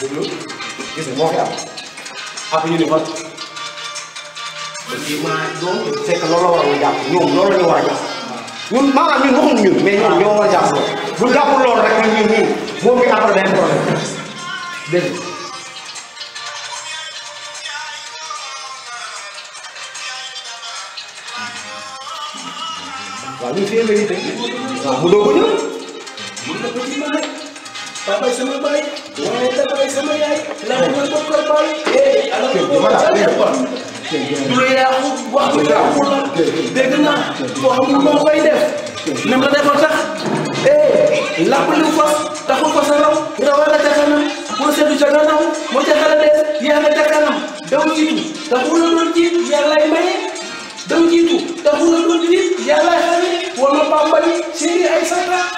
déglu gis nga moo fi am après ñu ne man kii maa doon fekk loolu la war a jàpp ñoom loolu la ñu war a jàpp ñun maanaam ñun waxuñu ñun mais ñoom ñoo war a jàpp loolu bu jàppul loolu rek ñun ñun ñun boobu bi après day problème dégg waaw ñun fii la ñuy dégg waaw mu doog a ñëw papay sama baay waaye papay sama yaay laa ma bokk ak baay eh alors du la yàqu wax du yàqu la dégg naa boo xam moo koy def nem la defal sax eh làpp lu fas taxu ko sa raw rawal la ca kanam boo seetu ca gannaaw moo ca xala des yaa nga ca kanam daw jiitu taxu la doon jiit yàlla lay maye daw jiitu taxu la doon jiit yàlla lay xamee wala bambali seen ay sata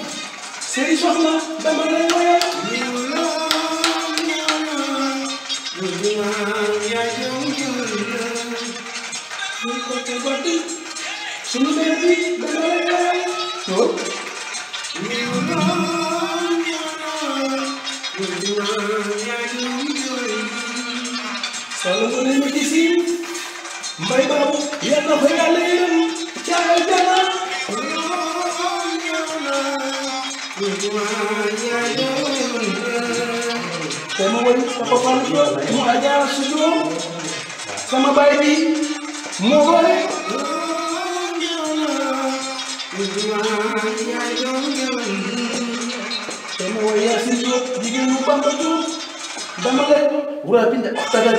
sey soxla dama lay wéy. sunu mbéy mi dama lay wéy. soo. Salou Mbale ma gis yi. mbay baabu yàlla na ko yàlla yërëm. jaay jaay. te ma wëy sa papa mu ajaar su joom sama baay bi moo boole te ma wëy yaa si jóob jigéen mu Bamba Jóob dama lay wura bind tagal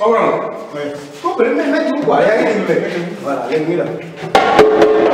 Awra Pero él me mete un 40 y me mete un... Para, bien, mira.